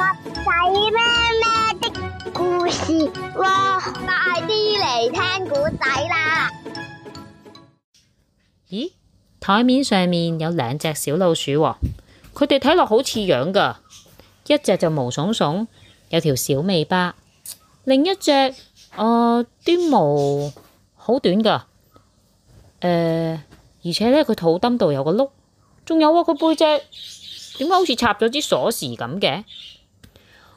仔咩咩的故事喎，快啲嚟聽古仔啦！咦，台面上面有兩隻小老鼠喎，哦，佢哋睇落好似樣噶，一隻就毛聳聳，有條小尾巴，另一隻誒，啲、呃、毛好短噶，誒、呃，而且呢，佢肚墩度有個碌，仲有啊，佢背脊點解好似插咗支鎖匙咁嘅？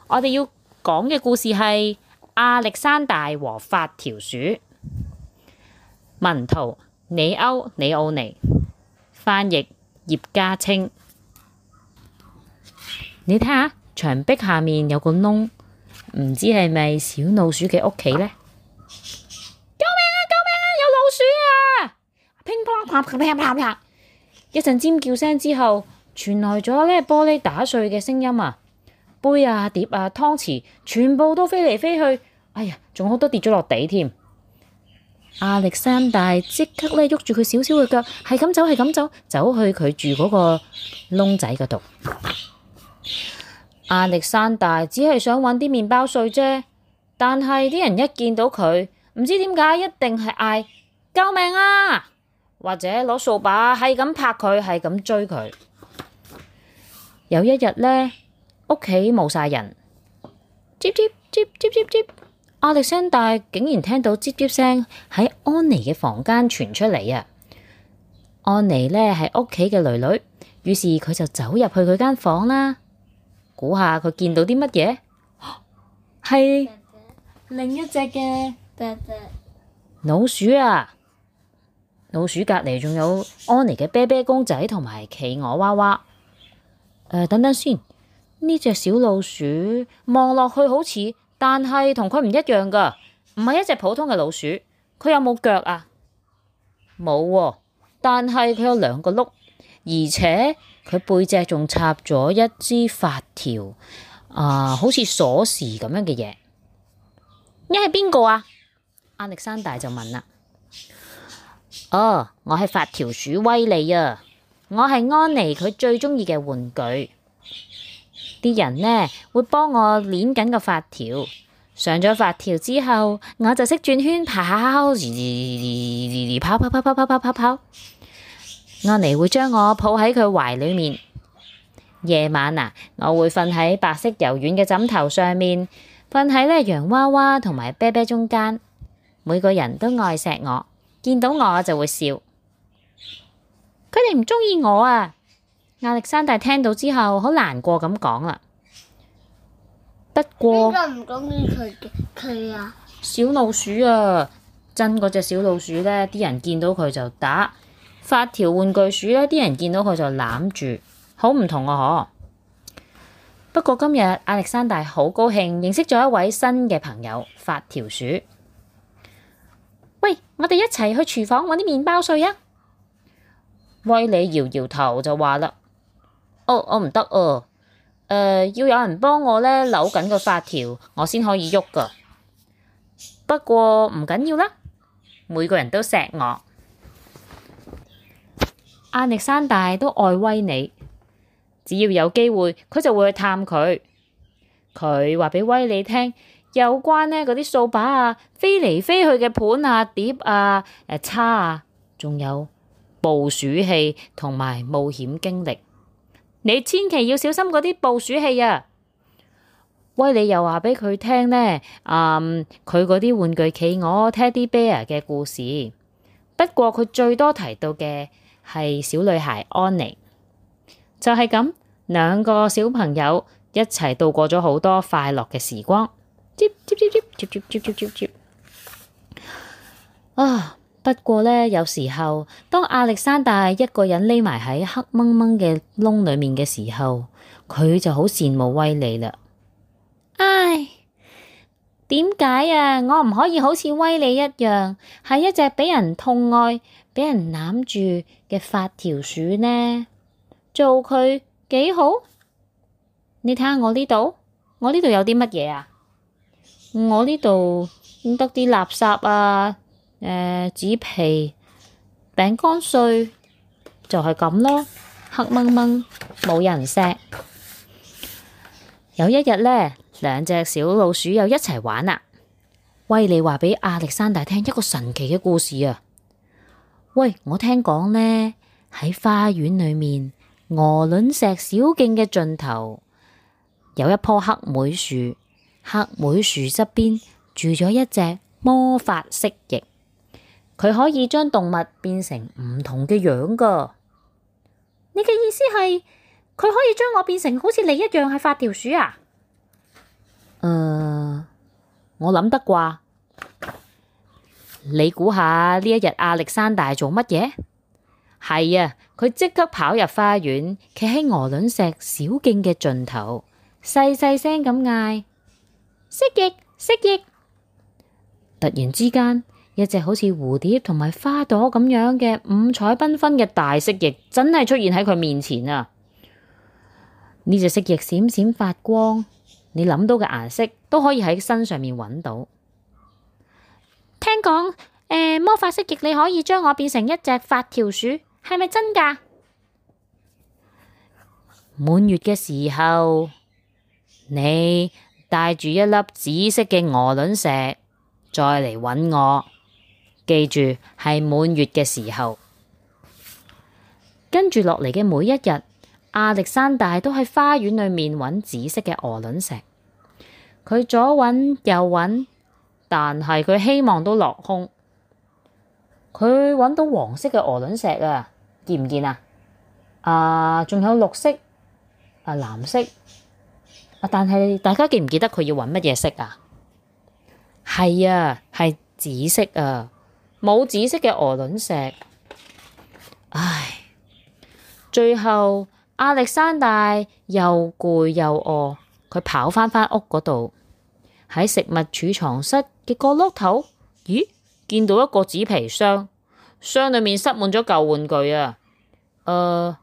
我哋要講嘅故事係亞歷山大和發條鼠，文圖李歐李奧尼，翻譯葉嘉青。你睇下，牆壁下面有個窿，唔知係咪小老鼠嘅屋企呢？救命啊！救命啊！有老鼠啊！乒砰啪啪啪啪砰，一陣尖叫聲之後，傳來咗咧玻璃打碎嘅聲音啊！杯啊、碟啊、湯匙，全部都飛嚟飛去，哎呀，仲好多跌咗落地添。亞歷山大即刻咧喐住佢小小嘅腳，係咁 走，係咁走，走去佢住嗰個窿仔嗰度。亞歷山大只係想揾啲麵包碎啫，但係啲人一見到佢，唔知點解一定係嗌救命啊，或者攞掃把係咁拍佢，係咁追佢。有一日呢。屋企冇晒人，吱吱吱吱吱吱，亞歷山大竟然聽到吱吱聲喺安妮嘅房間傳出嚟啊！安妮呢係屋企嘅囡囡，於是佢就走入去佢間房啦。估下佢見到啲乜嘢？係另一隻嘅老鼠啊！老鼠隔籬仲有安妮嘅啤啤公仔同埋企鵝娃娃。誒、呃，等等先。呢隻小老鼠望落去好似，但係同佢唔一樣噶，唔係一隻普通嘅老鼠。佢有冇腳啊？冇啊，但係佢有兩個碌，而且佢背脊仲插咗一支發條啊，好似鎖匙咁樣嘅嘢。你係邊個啊？亞歷山大就問啦。哦，我係發條鼠威利啊！我係安妮佢最中意嘅玩具。啲人呢會幫我捻緊個發條，上咗發條之後我就識轉圈跑哩哩哩哩跑跑跑跑跑跑跑。安妮會將我抱喺佢懷裏面。夜晚啊，我會瞓喺白色柔軟嘅枕頭上面，瞓喺咧洋娃娃同埋啤啤中間。每個人都愛錫我，見到我就會笑。佢哋唔中意我啊！亞歷山大聽到之後，好難過咁講啦。不過唔中意佢佢啊，小老鼠啊，真嗰隻小老鼠呢，啲人見到佢就打，發條玩具鼠呢，啲人見到佢就攬住，好唔同啊。嗬，不過今日亞歷山大好高興，認識咗一位新嘅朋友發條鼠。喂，我哋一齊去廚房搵啲麵包碎啊！威利搖搖頭就話啦。哦，oh, 我唔得哦！誒、呃，要有人幫我咧，扭緊個發條，我先可以喐噶。不過唔緊要啦，每個人都錫我，亞歷山大都愛威利，只要有機會，佢就會去探佢。佢話俾威利聽有關咧嗰啲掃把啊，飛嚟飛去嘅盤啊、碟啊、誒、啊、叉啊，仲有捕鼠器同埋冒險經歷。你千祈要小心嗰啲捕鼠器啊！威，你又話俾佢聽咧，嗯，佢嗰啲玩具企鵝 Teddy Bear 嘅故事。不過佢最多提到嘅係小女孩安妮，就係咁，兩個小朋友一齊度過咗好多快樂嘅時光。不過咧，有時候當亞歷山大一個人匿埋喺黑蒙蒙嘅窿裏面嘅時候，佢就好羨慕威利啦。唉，點解啊？我唔可以好似威利一樣，係一隻俾人痛愛、俾人攬住嘅發條鼠呢？做佢幾好？你睇下我呢度，我呢度有啲乜嘢啊？我呢度得啲垃圾啊！誒，紙、呃、皮餅乾碎就係、是、咁咯，黑掹掹冇人錫。有一日咧，兩隻小老鼠又一齊玩啦。威利話畀亞歷山大聽一個神奇嘅故事啊！喂，我聽講咧喺花園裏面鵝卵石小徑嘅盡頭有一棵黑莓樹，黑莓樹側邊住咗一隻魔法蜥蜴。佢可以將動物變成唔同嘅樣噶。你嘅意思係佢可以將我變成好似你一樣係發條鼠啊？誒、呃，我諗得啩。你估下呢一日亞歷山大做乜嘢？係啊，佢即刻跑入花園，企喺鵝卵石小徑嘅盡頭，細細聲咁嗌：蜥蜴，蜥蜴！突然之間。一隻好似蝴蝶同埋花朵咁樣嘅五彩繽紛嘅大蜥蜴真係出現喺佢面前啊！呢隻蜥蜴閃閃發光，你諗到嘅顏色都可以喺身上面搵到。聽講，誒、呃，魔法蜥蜴，你可以將我變成一隻發條鼠，係咪真㗎？滿月嘅時候，你帶住一粒紫色嘅鵝卵石，再嚟搵我。記住，係滿月嘅時候，跟住落嚟嘅每一日，亞歷山大都喺花園裏面揾紫色嘅鵝卵石。佢左揾右揾，但係佢希望都落空。佢揾到黃色嘅鵝卵石啊，見唔見啊？啊，仲有綠色啊，藍色啊，但係大家記唔記得佢要揾乜嘢色啊？係啊，係紫色啊。冇紫色嘅鵝卵石，唉。最後亞歷山大又攰又餓，佢跑翻翻屋嗰度喺食物儲藏室嘅角落頭，咦，見到一個紙皮箱，箱裏面塞滿咗舊玩具啊。誒、呃，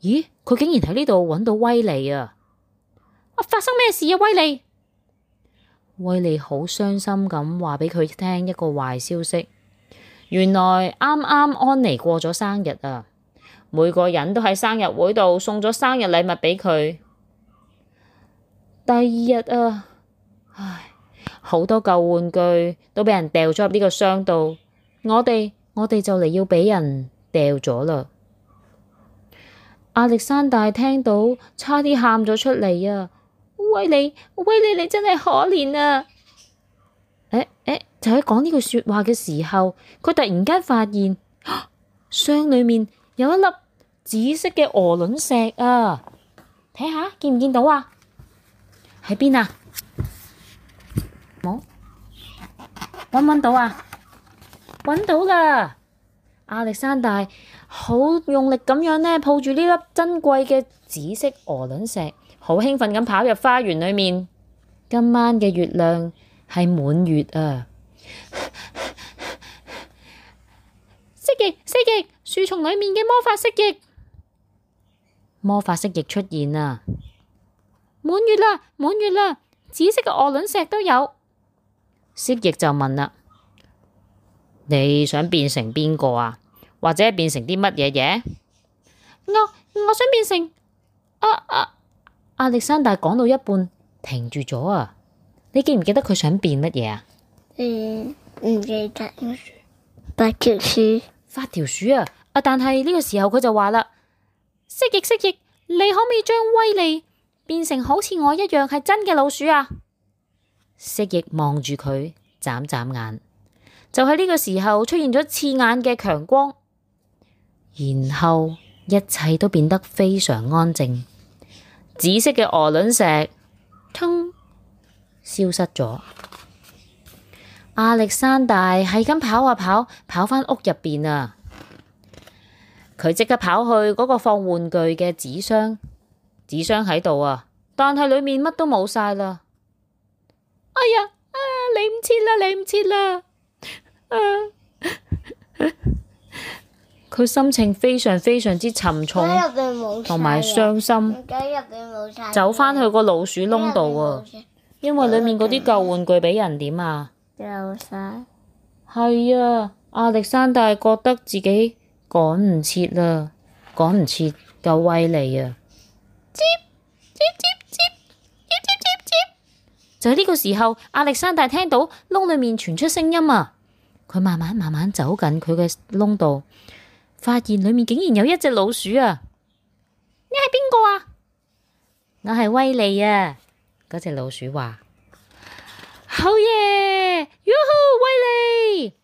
咦，佢竟然喺呢度揾到威利啊！啊，發生咩事啊，威利？威利好傷心咁話畀佢聽一個壞消息。原來啱啱，安妮過咗生日啊，每個人都喺生日會度送咗生日禮物畀佢。第二日啊，唉，好多舊玩具都俾人掉咗入呢個箱度，我哋我哋就嚟要俾人掉咗啦。亞歷山大聽到，差啲喊咗出嚟啊！威利，威利，你真係可憐啊！就喺講呢句說話嘅時候，佢突然間發現箱裏面有一粒紫色嘅鵝卵石啊！睇下，見唔見到啊？喺邊啊？冇？搵唔搵到啊？搵到啦！亞歷山大好用力咁樣呢，抱住呢粒珍貴嘅紫色鵝卵石，好興奮咁跑入花園裏面。今晚嘅月亮係滿月啊！蜥蜴，蜥蜴， 樹叢裏面嘅魔法蜥蜴，魔法蜥蜴出現啦！滿月啦，滿月啦，紫色嘅鵝卵石都有。蜥蜴就問啦：你想變成邊個啊？或者變成啲乜嘢嘢？我我想變成阿阿、啊啊、亞歷山大，講到一半停住咗啊！你記唔記得佢想變乜嘢啊？嗯，唔記得了。發條鼠，發條鼠啊！啊，但係呢個時候佢就話啦：蜥蜴，蜥蜴，你可唔可以將威利變成好似我一樣係真嘅老鼠啊？蜥蜴望住佢，眨眨眼。就喺呢個時候出現咗刺眼嘅強光，然後一切都變得非常安靜。紫色嘅鵝卵石，通，消失咗。亞歷山大係咁跑啊跑，跑翻屋入邊啊！佢即刻跑去嗰個放玩具嘅紙箱，紙箱喺度啊，但係裏面乜都冇晒啦！哎呀啊！嚟唔切啦，嚟唔切啦！佢、啊、 心情非常非常之沉重，同埋傷心。啊、走翻去個老鼠窿度啊，因為裏面嗰啲舊玩具俾人點啊！救係啊！亞歷山大覺得自己趕唔切啦，趕唔切，救威利啊！接接接接接接接！接，就喺呢個時候，亞歷山大聽到窿裏面傳出聲音啊！佢慢慢慢慢走近佢嘅窿度，發現裏面竟然有一隻老鼠啊！你係邊個啊？我係威利啊！嗰隻老鼠話：「好嘢。」威利，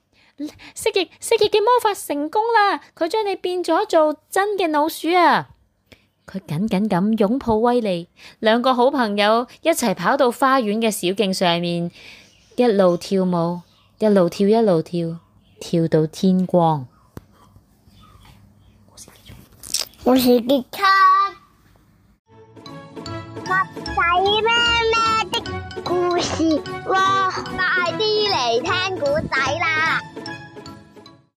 蜥蜴，蜥蜴嘅魔法成功啦！佢將你變咗做真嘅老鼠啊！佢緊緊咁擁抱威利，兩個好朋友一齊跑到花園嘅小徑上面，一路跳舞，一路跳，一路跳，跳到天光。我是傑克，我係襪仔咩咩。哇，快啲嚟聽故仔啦！